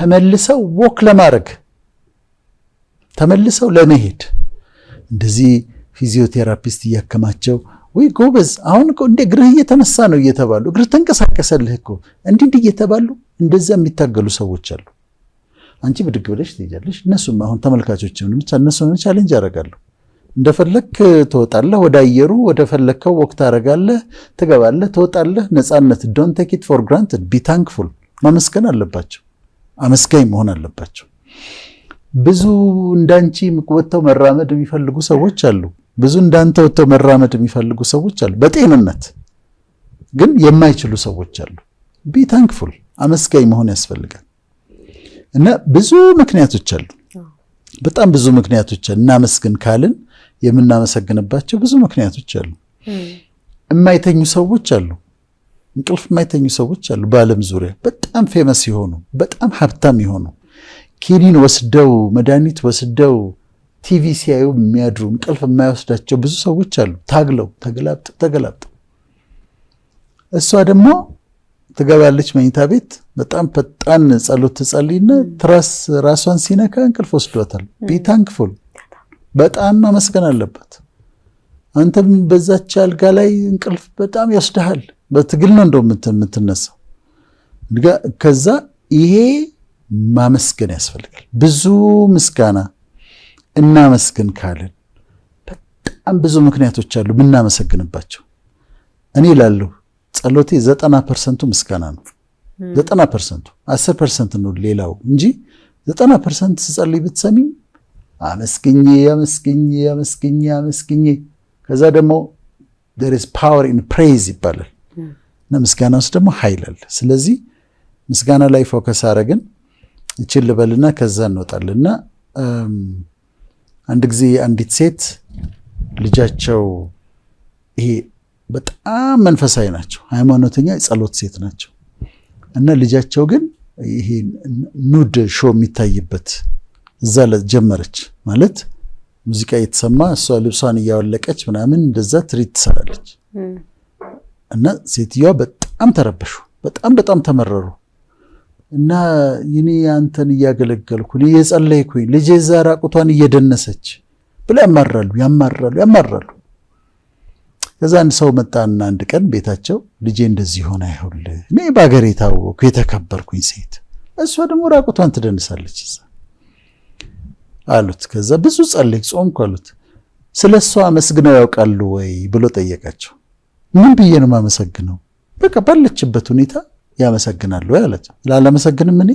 ተመልሰው ወክ ለማድረግ ተመልሰው ለመሄድ እንደዚህ ፊዚዮቴራፒስት እያከማቸው ወይ ጎበዝ፣ አሁን እኮ እንደ እግርህ እየተነሳ ነው እየተባሉ እግር ተንቀሳቀሰልህ እኮ እንዲህ እንዲህ እየተባሉ እንደዛ የሚታገሉ ሰዎች አሉ። አንቺ ብድግ ብለሽ ትሄጃለሽ። እነሱም አሁን ተመልካቾችም ብቻ እነሱ ቻሌንጅ አደርጋለሁ። እንደፈለክ ትወጣለህ፣ ወደ አየሩ ወደ ፈለግከው ወቅት ታደርጋለህ፣ ትገባለህ፣ ትወጣለህ። ነፃነት ዶንት ቴክ ኢት ፎር ግራንትድ ቢ ታንክፉል ማመስገን አለባቸው። አመስጋኝ መሆን አለባቸው። ብዙ እንዳንቺ ወጥተው መራመድ የሚፈልጉ ሰዎች አሉ። ብዙ እንዳንተ ወጥተው መራመድ የሚፈልጉ ሰዎች አሉ። በጤንነት ግን የማይችሉ ሰዎች አሉ። ቢ ታንክፉል አመስጋኝ መሆን ያስፈልጋል። እና ብዙ ምክንያቶች አሉ። በጣም ብዙ ምክንያቶች እናመስግን ካልን የምናመሰግንባቸው ብዙ ምክንያቶች አሉ። የማይተኙ ሰዎች አሉ። እንቅልፍ የማይተኙ ሰዎች አሉ በዓለም ዙሪያ በጣም ፌመስ የሆኑ በጣም ሀብታም የሆኑ ኪኒን ወስደው መድኃኒት ወስደው ቲቪ ሲያዩ የሚያድሩ እንቅልፍ የማይወስዳቸው ብዙ ሰዎች አሉ። ታግለው ተገላብጠው ተገላብጠው። እሷ ደግሞ ትገባለች መኝታ ቤት በጣም ፈጣን ጸሎት ትጸልይና ትራስ ራሷን ሲነካ እንቅልፍ ወስዷታል። ቢታንክፉል በጣም ማመስገን አለባት። አንተም በዛች አልጋ ላይ እንቅልፍ በጣም ያስደሃል። በትግል ነው እንደው የምትነሳው። ከዛ ይሄ ማመስገን ያስፈልጋል። ብዙ ምስጋና እናመስግን ካልን በጣም ብዙ ምክንያቶች አሉ የምናመሰግንባቸው። እኔ ላለሁ ጸሎቴ ዘጠና ፐርሰንቱ ምስጋና ነው። ዘጠና ፐርሰንቱ አስር ፐርሰንት ነው ሌላው እንጂ ዘጠና ፐርሰንት ስጸልይ ብትሰሚ አመስግኜ አመስግኜ አመስግኜ አመስግኜ ከዛ ደግሞ there is power in ይባላል እና ምስጋና ውስጥ ደግሞ ኃይል አለ። ስለዚህ ምስጋና ላይ ፎከስ አረግን ይችል ልበልና ከዛ እንወጣለን እና አንድ ጊዜ አንዲት ሴት ልጃቸው ይሄ በጣም መንፈሳዊ ናቸው፣ ሃይማኖተኛ የጸሎት ሴት ናቸው እና ልጃቸው ግን ይሄ ኑድ ሾ የሚታይበት እዛ ጀመረች ማለት ሙዚቃ የተሰማ እሷ ልብሷን እያወለቀች ምናምን እንደዛ ትሪት ትሰራለች። እና ሴትዮዋ በጣም ተረበሹ፣ በጣም በጣም ተመረሩ። እና እኔ አንተን እያገለገልኩ እየጸለይኩኝ ልጄ ዛ ራቁቷን እየደነሰች ብላ ያማራሉ ያማራሉ ያማራሉ። ከዛ አንድ ሰው መጣና አንድ ቀን ቤታቸው ልጄ እንደዚህ ሆነ አይሁል እኔ በሀገር ታወኩ የተከበርኩኝ ሴት እሷ ደግሞ ራቁቷን ትደንሳለች እዛ አሉት። ከዛ ብዙ ጸልይ ጾምኩ አሉት። ስለ እሷ አመስግነው ያውቃሉ ወይ ብሎ ጠየቃቸው። ምን ብዬ ነው የማመሰግነው? በቃ ባለችበት ሁኔታ ያመሰግናሉ አላቸው። ላለመሰግንም እኔ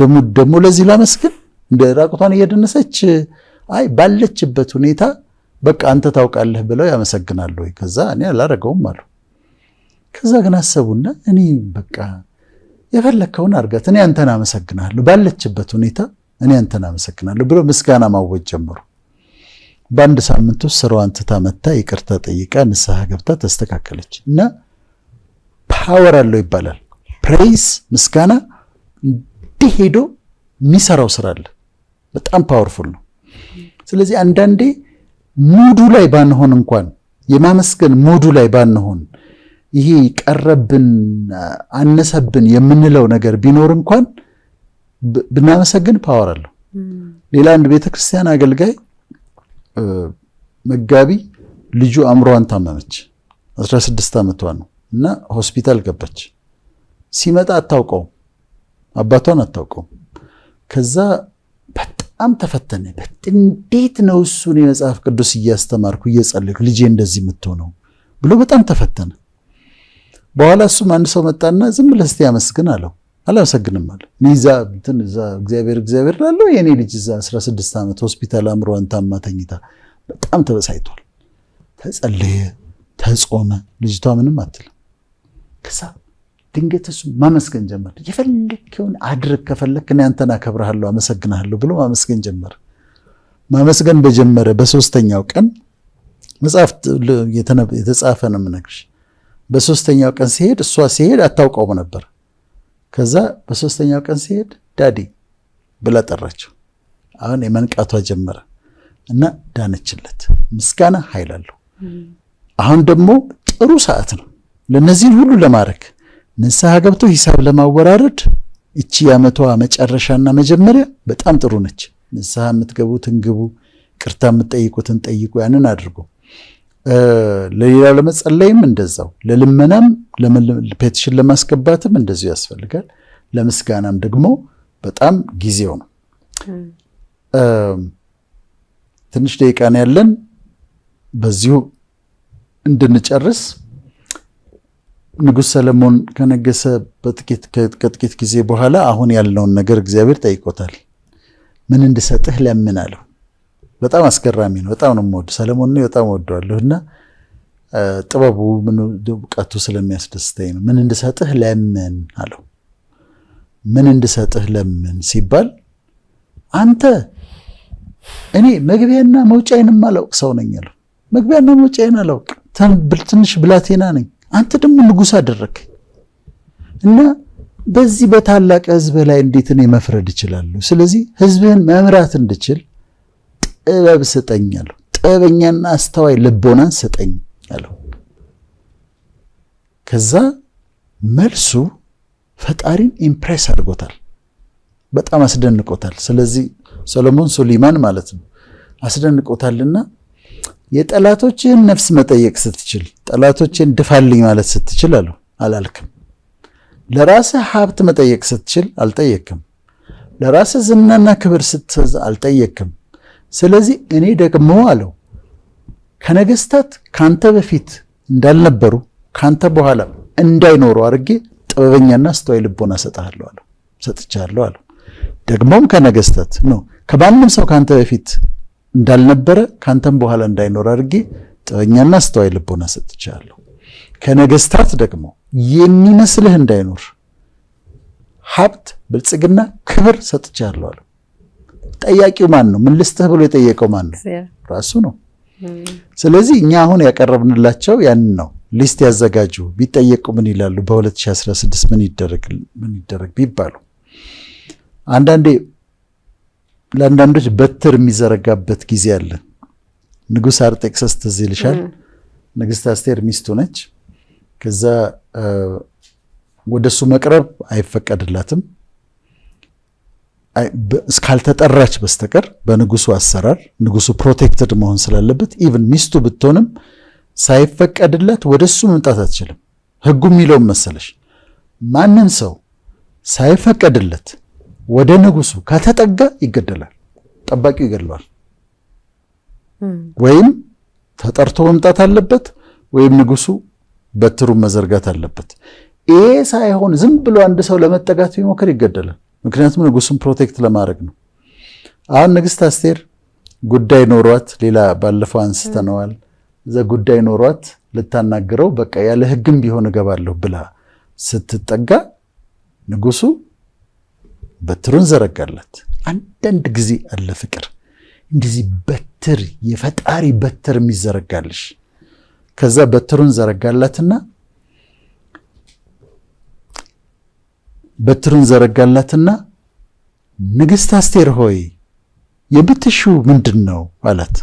ደግሞ ደግሞ ለዚህ ላመስግን እንደ ራቁቷን እየደነሰች አይ ባለችበት ሁኔታ በቃ አንተ ታውቃለህ ብለው ያመሰግናሉ ወይ? ከዛ እኔ አላረገውም አሉ። ከዛ ግን አሰቡና እኔ በቃ የፈለግከውን አድርጋት እኔ አንተን አመሰግናለሁ ባለችበት ሁኔታ እኔ አንተን አመሰግናለሁ ብሎ ምስጋና ማወጅ ጀመሩ። በአንድ ሳምንት ውስጥ ስራዋን ትታ መታ ይቅርታ ጠይቃ ንስሐ ገብታ ተስተካከለች እና ፓወር አለው ይባላል። ፕሬይስ ምስጋና እንዲህ ሄዶ የሚሰራው ስራ አለ። በጣም ፓወርፉል ነው። ስለዚህ አንዳንዴ ሙዱ ላይ ባንሆን እንኳን የማመስገን ሙዱ ላይ ባንሆን ይሄ ቀረብን አነሰብን የምንለው ነገር ቢኖር እንኳን ብናመሰግን ፓወር አለው። ሌላ አንድ ቤተክርስቲያን አገልጋይ መጋቢ ልጁ አእምሮዋን ታመመች፣ 16 ዓመቷ ነው እና ሆስፒታል ገባች። ሲመጣ አታውቀውም፣ አባቷን አታውቀውም። ከዛ በጣም ተፈተነ። እንዴት ነው እሱን የመጽሐፍ ቅዱስ እያስተማርኩ እየጸለይኩ ልጄ እንደዚህ የምትሆነው ብሎ በጣም ተፈተነ። በኋላ እሱም አንድ ሰው መጣና ዝም ብለህ እስቲ አመስግን አለው። አላመሰግንም አለ። ሊዛ እዛ እግዚአብሔር እግዚአብሔር ላለው የእኔ ልጅ እዛ 16 ዓመት ሆስፒታል አእምሮዋን ታማ ተኝታ በጣም ተበሳይቷል። ተጸለየ፣ ተጾመ፣ ልጅቷ ምንም አትልም። ከዛ ድንገት እሱ ማመስገን ጀመር። የፈለግከውን አድርግ ከፈለግክ እኔ አንተን አከብርሃለሁ፣ አመሰግንሃለሁ ብሎ ማመስገን ጀመር። ማመስገን በጀመረ በሶስተኛው ቀን መጽሐፍ የተጻፈ ነው የምነግርሽ። በሶስተኛው ቀን ሲሄድ እሷ ሲሄድ አታውቀውም ነበር ከዛ በሶስተኛው ቀን ሲሄድ ዳዲ ብላ ጠራቸው። አሁን የመንቃቷ ጀመረ እና ዳነችለት። ምስጋና ኃይል አለው። አሁን ደግሞ ጥሩ ሰዓት ነው ለነዚህን ሁሉ ለማድረግ ንስሐ ገብቶ ሂሳብ ለማወራረድ እቺ የዓመቷ መጨረሻና መጀመሪያ በጣም ጥሩ ነች። ንስሐ የምትገቡትን ግቡ፣ ቅርታ የምትጠይቁትን ጠይቁ። ያንን አድርጎ ለሌላ ለመጸለይም እንደዛው ለልመናም ፔቲሽን ለማስገባትም እንደዚሁ ያስፈልጋል። ለምስጋናም ደግሞ በጣም ጊዜው ነው። ትንሽ ደቂቃ ነው ያለን፣ በዚሁ እንድንጨርስ ንጉሥ ሰለሞን ከነገሰ ከጥቂት ጊዜ በኋላ አሁን ያለውን ነገር እግዚአብሔር ጠይቆታል። ምን እንድሰጥህ ለምን አለው። በጣም አስገራሚ ነው። በጣም ነው የምወደው ሰለሞን በጣም ወደዋለሁ እና ጥበቡ ምን እውቀቱ ስለሚያስደስተኝ ነው። ምን እንድሰጥህ ለምን አለው። ምን እንድሰጥህ ለምን ሲባል አንተ እኔ መግቢያና መውጫዬን የማላውቅ ሰው ነኝ አለው። መግቢያና መውጫዬን አላውቅ ትንሽ ብላቴና ነኝ። አንተ ደግሞ ንጉሥ አደረግከኝ እና በዚህ በታላቅ ህዝብ ላይ እንዴት እኔ መፍረድ እችላለሁ? ስለዚህ ህዝብህን መምራት እንድችል ጥበብ ስጠኝ አለው። ጥበበኛና አስተዋይ ልቦናን ስጠኝ አለው። ከዛ መልሱ ፈጣሪን ኢምፕሬስ አድርጎታል፣ በጣም አስደንቆታል። ስለዚህ ሰሎሞን ሱሊማን ማለት ነው አስደንቆታልና የጠላቶችህን ነፍስ መጠየቅ ስትችል ጠላቶችን ድፋልኝ ማለት ስትችል አለው አላልክም። ለራስህ ሀብት መጠየቅ ስትችል አልጠየቅም። ለራስህ ዝናና ክብር ስትዝ አልጠየቅም። ስለዚህ እኔ ደግሞ አለው ከነገስታት ካንተ በፊት እንዳልነበሩ ካንተ በኋላ እንዳይኖሩ አድርጌ ጥበበኛና አስተዋይ ልቦና ሰጥሃለሁ አለው ሰጥቻለሁ አለው። ደግሞም ከነገስታት ነው ከማንም ሰው ካንተ በፊት እንዳልነበረ ካንተም በኋላ እንዳይኖር አድርጌ ጥበኛና አስተዋይ ልቦና ሰጥቻለሁ። ከነገስታት ደግሞ የሚመስልህ እንዳይኖር ሀብት፣ ብልጽግና፣ ክብር ሰጥቻለሁ አለው። ጠያቂው ማን ነው? ምን ልስጥህ ብሎ የጠየቀው ማን ነው? ራሱ ነው። ስለዚህ እኛ አሁን ያቀረብንላቸው ያንን ነው። ሊስት ያዘጋጁ ቢጠየቁ ምን ይላሉ? በ2016 ምን ይደረግ ይደረግ ቢባሉ አንዳንዴ ለአንዳንዶች በትር የሚዘረጋበት ጊዜ አለ። ንጉሥ አርጤክሰስ ትዝ ይልሻል። ንግሥት አስቴር ሚስቱ ነች። ከዛ ወደሱ መቅረብ አይፈቀድላትም። እስካልተጠራች በስተቀር በንጉሱ አሰራር ንጉሱ ፕሮቴክትድ መሆን ስላለበት ኢቭን ሚስቱ ብትሆንም ሳይፈቀድላት ወደ እሱ መምጣት አትችልም። ህጉ የሚለውም መሰለሽ ማንም ሰው ሳይፈቀድለት ወደ ንጉሱ ከተጠጋ ይገደላል። ጠባቂው ይገድለዋል። ወይም ተጠርቶ መምጣት አለበት፣ ወይም ንጉሱ በትሩን መዘርጋት አለበት። ይሄ ሳይሆን ዝም ብሎ አንድ ሰው ለመጠጋት ቢሞክር ይገደላል። ምክንያቱም ንጉሱን ፕሮቴክት ለማድረግ ነው። አሁን ንግስት አስቴር ጉዳይ ኖሯት ሌላ ባለፈው አንስተነዋል። እዛ ጉዳይ ኖሯት ልታናግረው በቃ ያለ ህግም ቢሆን እገባለሁ ብላ ስትጠጋ ንጉሱ በትሩን ዘረጋላት። አንዳንድ ጊዜ አለ ፍቅር እንደዚህ በትር የፈጣሪ በትር የሚዘረጋልሽ። ከዛ በትሩን ዘረጋላትና በትሩን ዘረጋላትና ንግሥት አስቴር ሆይ የብትሹ ምንድን ነው አላት።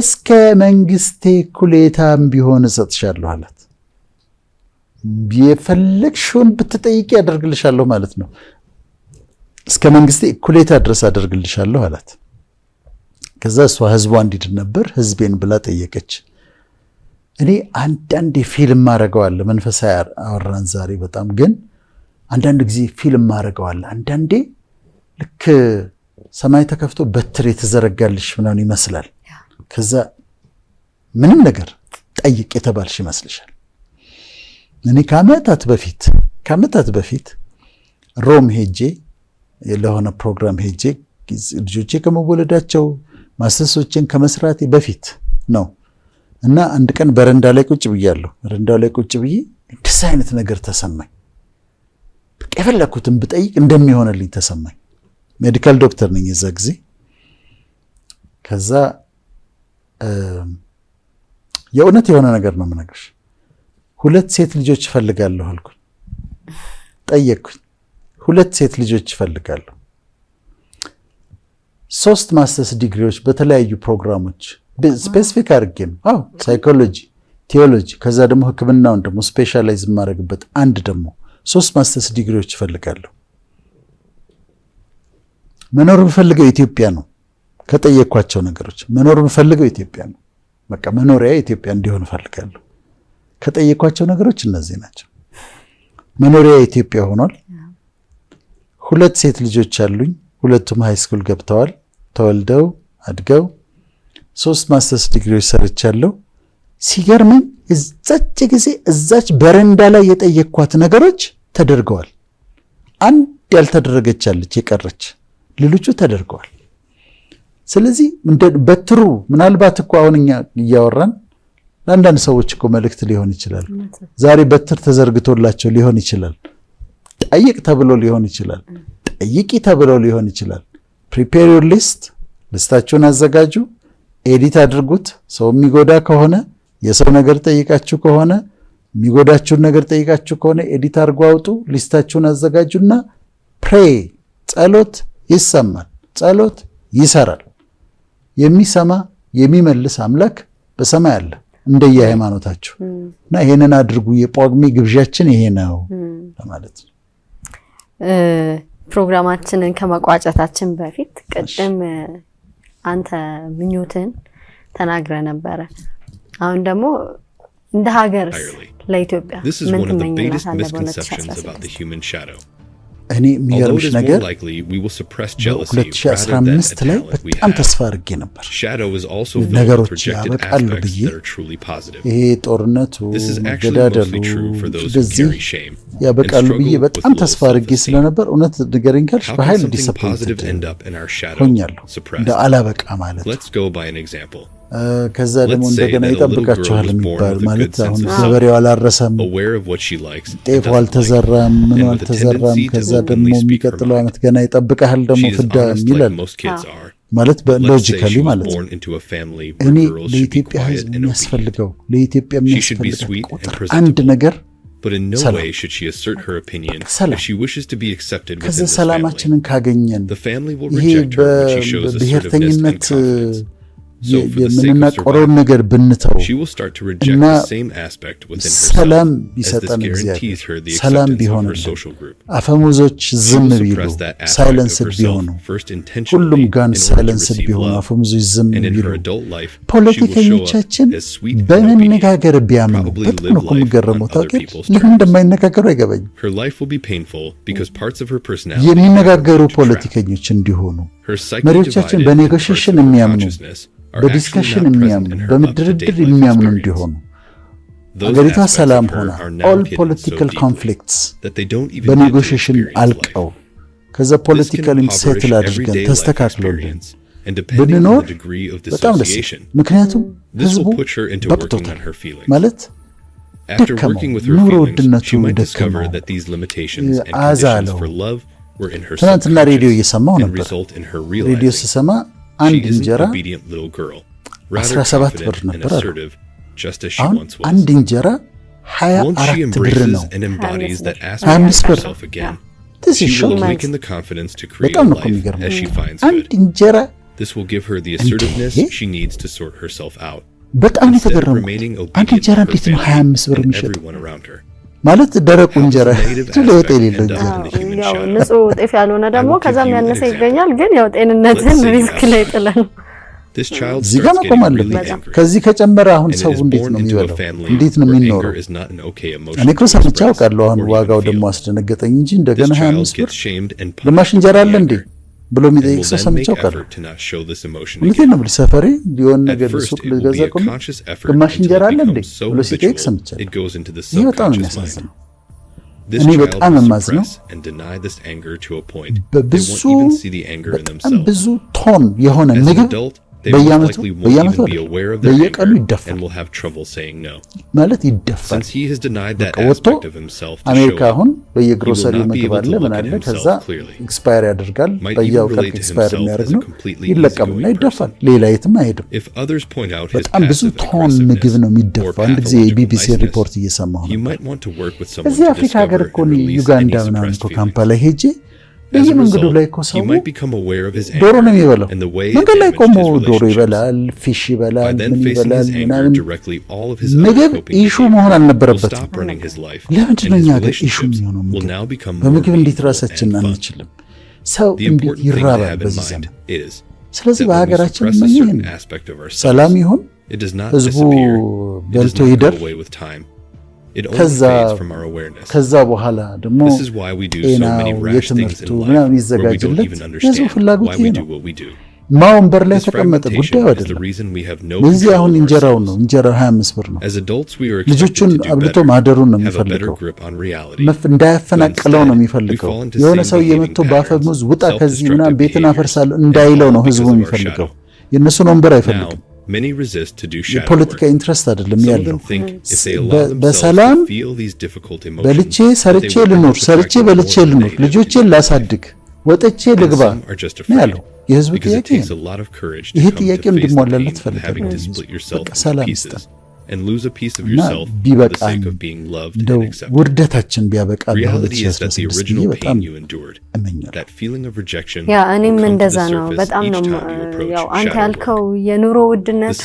እስከ መንግስቴ ኩሌታም ቢሆን እሰጥሻለሁ አላት። የፈለግሽውን ብትጠይቅ ያደርግልሻለሁ ማለት ነው። እስከ መንግስቴ ኩሌታ ድረስ አደርግልሻለሁ አላት። ከዛ እሷ ህዝቧ እንዲድን ነበር ህዝቤን ብላ ጠየቀች። እኔ አንዳንድ ፊልም አደርገዋለሁ መንፈሳዊ አወራን ዛሬ በጣም ግን አንዳንድ ጊዜ ፊልም ማድረገዋል። አንዳንዴ ልክ ሰማይ ተከፍቶ በትር የተዘረጋልሽ ምናምን ይመስላል። ከዛ ምንም ነገር ጠይቅ የተባልሽ ይመስልሻል። እኔ ከዓመታት በፊት ከአመታት በፊት ሮም ሄጄ ለሆነ ፕሮግራም ሄጄ ልጆቼ ከመወለዳቸው ማስተርሶቼን ከመስራቴ በፊት ነው እና አንድ ቀን በረንዳ ላይ ቁጭ ብያለሁ። በረንዳ ላይ ቁጭ ብዬ እንደዚህ አይነት ነገር ተሰማኝ። የፈለግኩትን ብጠይቅ እንደሚሆንልኝ ተሰማኝ። ሜዲካል ዶክተር ነኝ የዛ ጊዜ። ከዛ የእውነት የሆነ ነገር ነው የምነግርሽ፣ ሁለት ሴት ልጆች እፈልጋለሁ አልኩኝ። ጠየቅኩኝ። ሁለት ሴት ልጆች እፈልጋለሁ። ሶስት ማስተርስ ዲግሪዎች በተለያዩ ፕሮግራሞች ስፔሲፊክ አድርጌ ነው። አዎ ሳይኮሎጂ፣ ቴዎሎጂ፣ ከዛ ደግሞ ሕክምናውን ደግሞ ስፔሻላይዝ የማደርግበት አንድ ደግሞ ሶስት ማስተርስ ዲግሪዎች እፈልጋለሁ። መኖር የምፈልገው ኢትዮጵያ ነው። ከጠየኳቸው ነገሮች መኖር የምፈልገው ኢትዮጵያ ነው። በቃ መኖሪያ ኢትዮጵያ እንዲሆን እፈልጋለሁ። ከጠየኳቸው ነገሮች እነዚህ ናቸው። መኖሪያ ኢትዮጵያ ሆኗል። ሁለት ሴት ልጆች አሉኝ። ሁለቱም ሃይስኩል ገብተዋል፣ ተወልደው አድገው። ሶስት ማስተርስ ዲግሪዎች ሰርቻለሁ። ሲገርመኝ እዛች ጊዜ እዛች በረንዳ ላይ የጠየኳት ነገሮች ተደርገዋል። አንድ ያልተደረገች አለች የቀረች፣ ሌሎቹ ተደርገዋል። ስለዚህ በትሩ ምናልባት እኮ አሁን እኛ እያወራን ለአንዳንድ ሰዎች እኮ መልእክት ሊሆን ይችላል። ዛሬ በትር ተዘርግቶላቸው ሊሆን ይችላል። ጠይቅ ተብሎ ሊሆን ይችላል። ጠይቂ ተብሎ ሊሆን ይችላል። ፕሪፔር ዮር ሊስት፣ ልስታችሁን አዘጋጁ፣ ኤዲት አድርጉት። ሰው የሚጎዳ ከሆነ የሰው ነገር ጠይቃችሁ ከሆነ የሚጎዳችሁን ነገር ጠይቃችሁ ከሆነ ኤዲት አድርጎ አውጡ። ሊስታችሁን አዘጋጁና ፕሬ ጸሎት ይሰማል፣ ጸሎት ይሰራል። የሚሰማ የሚመልስ አምላክ በሰማይ አለ። እንደየ ሃይማኖታችሁ እና ይሄንን አድርጉ። የጳጉሜ ግብዣችን ይሄ ነው ለማለት ነው። ፕሮግራማችንን ከመቋጨታችን በፊት ቅድም አንተ ምኞትን ተናግረ ነበረ። አሁን ደግሞ እንደ ሀገርስ ለኢትዮጵያ ምን ትመኝላት በ እኔ የሚገርምሽ ነገር 2015 ላይ በጣም ተስፋ አድርጌ ነበር ነገሮች ያበቃሉ ብዬ። ይሄ ጦርነቱ፣ መገዳደሉ እንደዚህ ያበቃሉ ብዬ በጣም ተስፋ አድርጌ ስለነበር እውነት ንገረኝ ካልሽ በሀይል ዲስፖይንትድ ሆኛለሁ እንደ አላበቃ ማለት ከዛ ደግሞ እንደገና ይጠብቃቸዋል የሚባል ማለት አሁን ገበሬው አላረሰም፣ ጤፎ አልተዘራም፣ ምኑ አልተዘራም። ከዛ ደግሞ የሚቀጥለው ዓመት ገና ይጠብቀሃል ደግሞ ፍዳ ይላል ማለት ሎጂካሊ ማለት ነው። እኔ ለኢትዮጵያ ሕዝብ የሚያስፈልገው ለኢትዮጵያ የሚያስፈልገው ቁጥር አንድ ነገር ሰላም። ከዛ ሰላማችንን ካገኘን ይሄ በብሔርተኝነት የምንናቆረውን ነገር ብንተው እና ሰላም ቢሰጠን እግዚአብሔር ሰላም ቢሆን አፈሙዞች ዝም ቢሉ ሳይለንስድ ቢሆኑ ሁሉም ጋን ሳይለንስድ ቢሆኑ አፈሙዞች ዝም ቢሉ ፖለቲከኞቻችን በመነጋገር ቢያምኑ በጣም ነው እኮ የምገረመው። ታውቂያለሽ፣ ለምን እንደማይነጋገሩ አይገባኝም። የሚነጋገሩ ፖለቲከኞች እንዲሆኑ መሪዎቻችን በኔጎሽሽን የሚያምኑ በዲስከሽን የሚያምኑ በምድርድር የሚያምኑ እንዲሆኑ አገሪቷ ሰላም ሆና ኦል ፖለቲካል ኮንፍሊክትስ በኔጎሽሽን አልቀው ከዛ ፖለቲካል ሴትል አድርገን ተስተካክሎልን ብንኖር በጣም ደስ ምክንያቱም ህዝቡ በቅቶታል ማለት ደከመው፣ ኑሮ ውድነቱ ደከመው፣ አዛለው። ትናንትና ሬዲዮ እየሰማው ነበር። ሬዲዮ ስሰማ አንድ እንጀራ አስራ ሰባት ብር ነበር አሉ። አሁን አንድ እንጀራ ሀያ አራት ብር ነው፣ ሀያ አምስት ብር በጣም ነው የሚገርመው። አንድ እንጀራ በጣም የተገረምኩት አንድ እንጀራ እንዴት ነው ሀያ አምስት ብር የሚሸጠው? ማለት ደረቁ እንጀራ ለውጥ የሌለው እንጀራ ንጹህ ጤፍ ያልሆነ ደግሞ ከዛም ያነሰ ይገኛል። ግን ያው ጤንነትን ሪስክ ላይ ጥለን እዚህ ጋር መቆም አለበት። ከዚህ ከጨመረ አሁን ሰው እንዴት ነው የሚበላው? እንዴት ነው የሚኖረው? እኔ እኮ ሰምቼ አውቃለሁ። አሁን ዋጋው ደግሞ አስደነገጠኝ እንጂ እንደገና 25 ብር ግማሽ እንጀራ አለ እንዴ? ብሎ የሚጠይቅ ሰው ሰምቻው ቀር እውነቴን ነው የምልህ፣ ሰፈሬ ሊሆን ነገር ሱቅ ልገዛ ቆሜ ግማሽ እንጀራ አለ እንዴ ብሎ ሲጠይቅ ሰምቻለሁ። ይህ በጣም ነው የሚያሳዝነው። እኔ በጣም የማዝ ነው በብዙ በጣም ብዙ ቶን የሆነ ምግብ በየዓመቱ በየዓመቱ በየቀኑ ይደፋል ማለት ይደፋል። ወጥቶ አሜሪካ አሁን በየግሮሰሪ ምግብ አለ ምን አለ፣ ከዛ ኤክስፓየር ያደርጋል። በያው ቀን ኤክስፓየር የሚያደርግ ነው ይለቀምና ይደፋል። ሌላ የትም አይሄድም። በጣም ብዙ ቶን ምግብ ነው የሚደፋ። አንድ ጊዜ የቢቢሲ ሪፖርት እየሰማሁ ነው። እዚህ አፍሪካ ሀገር እኮ ዩጋንዳ ምናምን እኮ ካምፓላ ሄጄ በየመንገዱ ላይ እኮ ሰው ዶሮ ነው የሚበላው። መንገድ ላይ ቆሞ ዶሮ ይበላል፣ ፊሽ ይበላል፣ ምን ይበላል ምናምን። ምግብ ኢሹ መሆን አልነበረበትም። ለምንድን ነው እኛ ሀገር ኢሹ የሚሆነው? ምግብ በምግብ እንዴት ራሳችን አንችልም? ሰው እንዴት ይራባል በዚህ ዘመን? ስለዚህ በሀገራችን ሰላም ይሁን፣ ህዝቡ በልቶ ይደር። ከዛ በኋላ ደግሞ ጤናው፣ የትምህርቱ ምናምን ይዘጋጅለት። የህዝቡ ፍላጎት ይሄ ነው። ማወንበር ላይ ተቀመጠ ጉዳዩ አይደለም። ለዚህ አሁን እንጀራው ነው። እንጀራው 25 ብር ነው። ልጆቹን አብልቶ ማደሩን ነው የሚፈልገው። እንዳያፈናቅለው ነው የሚፈልገው። የሆነ ሰውዬ መጥቶ በአፈሙዝ ውጣ ከዚህ ምናምን ቤትን አፈርሳለሁ እንዳይለው ነው ህዝቡ የሚፈልገው። የእነሱን ወንበር አይፈልግም። የፖለቲካ ኢንትረስት አይደለም ያለው። በሰላም በልቼ ሰርቼ ልኖር፣ ሰርቼ በልቼ ልኖር፣ ልጆቼን ላሳድግ፣ ወጥቼ ልግባ ነው ያለው የህዝብ ጥያቄ። ይህ ጥያቄ እንዲሟላለት ፈልጋለሁ። ሰላም ይስጠን። ቢበቃን እንደው ውርደታችን ቢያበቃ በጣም እመኛለሁ። ያ እኔም እንደዛ ነው። በጣም ነው ያው አንተ ያልከው የኑሮ ውድነቱ፣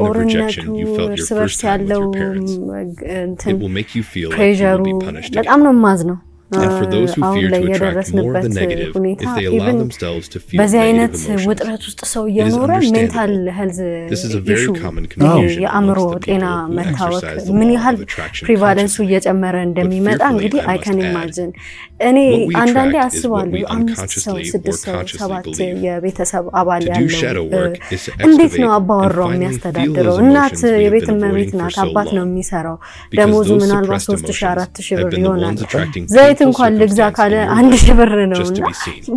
ጦርነቱ፣ እርስ በርስ ያለው ፕሬዠሩ በጣም ነው ማዝ ነው አሁን ላይ የደረስንበት ሁኔታ በዚህ አይነት ውጥረት ውስጥ ሰው እየኖረ ሜንታል ሄልዝ የአእምሮ ጤና መታወክ ምን ያህል ፕሪቫለንሱ እየጨመረ እንደሚመጣ እንግዲህ አይከን ኢማጅን። እኔ አንዳንዴ አስባለሁ አምስት ሰው ስድስት ሰው ሰባት የቤተሰብ አባል ያለው እንዴት ነው አባወራው የሚያስተዳድረው? እናት የቤት እመቤት ናት፣ አባት ነው የሚሰራው። ደሞዙ ምናልባት ሶስት ሺ አራት ሺ ብር ይሆናል ዘይት እንኳን ልግዛ ካለ አንድ ሺህ ብር ነው እና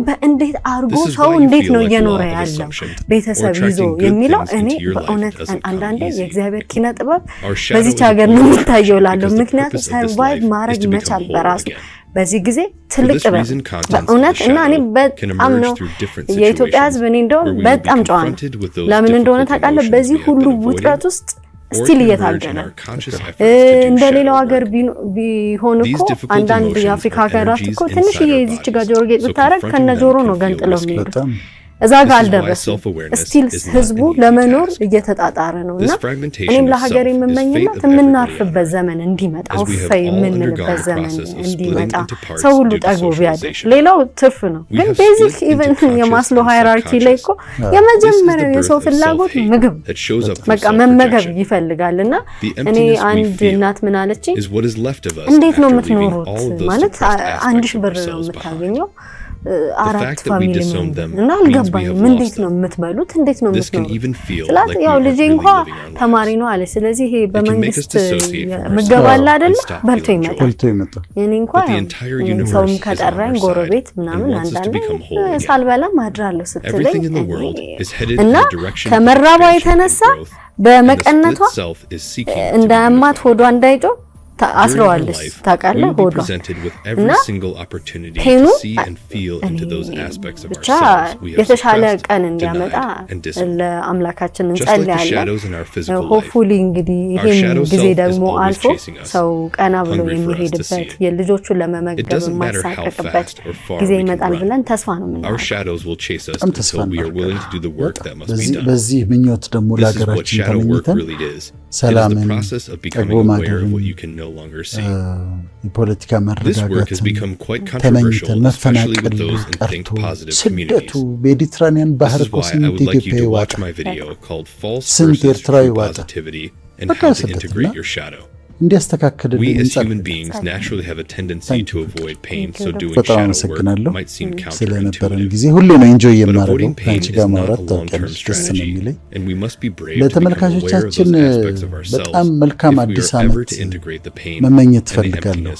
በእንዴት አድርጎ ሰው እንዴት ነው እየኖረ ያለው ቤተሰብ ይዞ የሚለው እኔ በእውነት አንዳንዴ የእግዚአብሔር ኪነ ጥበብ በዚች ሀገር ነው የሚታየው ላለው ምክንያቱም ሰርቫይቭ ማድረግ መቻል በራሱ በዚህ ጊዜ ትልቅ ጥበብ በእውነት እና እኔ በጣም ነው የኢትዮጵያ ሕዝብ እኔ እንደውም በጣም ጨዋ ነው። ለምን እንደሆነ ታውቃለህ? በዚህ ሁሉ ውጥረት ውስጥ ስቲል እየታገለ እንደ ሌላው ሀገር ቢሆን እኮ አንዳንድ የአፍሪካ ሀገራት እኮ ትንሽ የዚች ጋር ጆሮ ጌጥ ብታደርግ ከነ ጆሮ ነው ገንጥለው የሚሄዱ። እዛ ጋር አልደረስም። ስቲል ህዝቡ ለመኖር እየተጣጣረ ነው እና እኔም ለሀገር የምመኝላት የምናርፍበት ዘመን እንዲመጣ ውፈ የምንልበት ዘመን እንዲመጣ ሰው ሁሉ ጠግቦ ቢያድር፣ ሌላው ትርፍ ነው። ግን ቤዚክ ኢቨን የማስሎ ሃይራርኪ ላይ እኮ የመጀመሪያው የሰው ፍላጎት ምግብ በቃ መመገብ ይፈልጋል። እና እኔ አንድ እናት ምን አለችኝ፣ እንዴት ነው የምትኖሩት? ማለት አንድ ሺህ ብር ነው የምታገኘው አራት ፋሚሊ እና አልገባኝም። እንዴት ነው የምትበሉት? እንዴት ነው የምትኖሩት? ያው ልጄ እንኳ ተማሪ ነው አለ። ስለዚህ ይሄ በመንግስት ምገባላ አደለ በልቶ ይመጣል። እኔ እንኳ ሰውም ከጠራኝ ጎረቤት ምናምን አንዳንድ ሳልበላ አድራለሁ ስትለኝ እና ከመራቧ የተነሳ በመቀነቷ እንደ አማት ሆዷ እንዳይጮህ አስረዋለች ታውቃለህ። ሆዷ እና ፔኑ ብቻ የተሻለ ቀን እንዲያመጣ ለአምላካችን እንጸልያለን። ሆፉሊ እንግዲህ ይህን ጊዜ ደግሞ አልፎ ሰው ቀና ብሎ የሚሄድበት የልጆቹን ለመመገብ የማይሳቀቅበት ጊዜ ይመጣል ብለን ተስፋ ነው የምናደርገው። በዚህ ምኞት ደግሞ ለሀገራችን ተመኝተን ሰላምን ጠግቦ ማደርን no longer see. Uh, የፖለቲካ መረጋጋትን ተመኝተን መፈናቀል ቀርቶ ስደቱ ሜዲትራኒያን ባህር እኮ ስንት ኢትዮጵያዊ ዋጠ፣ ስንት ኤርትራዊ ዋጠ። በቃ ስደት ነው። እንዲያስተካክልልን እንጸልይበት። በጣም አመሰግናለሁ ስለነበረን ጊዜ። ሁሌም ኤንጆይ የማደርገው ከአንቺ ጋር ማውራት ታውቂያለሽ፣ ደስ ነው የሚለኝ። ለተመልካቾቻችን በጣም መልካም አዲስ ዓመት መመኘት ትፈልጋለሁ።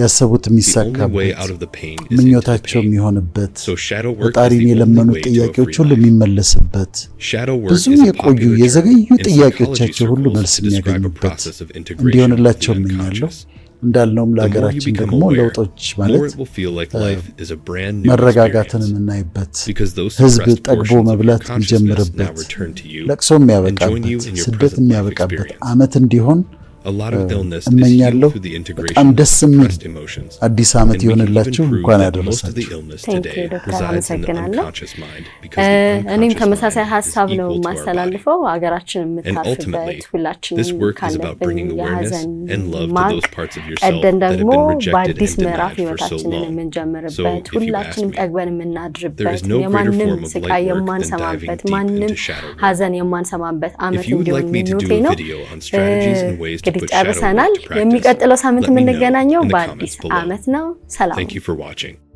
ያሰቡት የሚሳካበት ምኞታቸው የሚሆንበት ፈጣሪን የለመኑት ጥያቄዎች ሁሉ የሚመለስበት ብዙ የቆዩ የዘገዩ ጥያቄዎቻቸው ሁሉ መልስ የሚያገኙበት እንዲሁ እንዲሆንላቸው እመኛለሁ። እንዳልነውም ለሀገራችን ደግሞ ለውጦች ማለት uh, መረጋጋትን የምናይበት ህዝብ ጠግቦ መብላት የሚጀምርበት፣ ለቅሶ የሚያበቃበት፣ ስደት የሚያበቃበት አመት እንዲሆን Uh, እመኛለሁ። በጣም ደስ የሚል አዲስ ዓመት የሆንላችሁ እንኳን አደረሳችሁ። አመሰግናለሁ። uh, እኔም ተመሳሳይ ሀሳብ ነው የማስተላልፈው። ሀገራችን የምታርፍበት ሁላችንም ካለብን የሀዘን ማቅ ቀደን ደግሞ በአዲስ ምዕራፍ ህይወታችንን የምንጀምርበት ሁላችንም ጠግበን የምናድርበት የማንም ስቃይ የማንሰማበት ማንም ሀዘን የማንሰማበት አመት እንዲሆን ምኞቴ ነው። እንግዲህ ጨርሰናል። የሚቀጥለው ሳምንት የምንገናኘው በአዲስ ዓመት ነው። ሰላም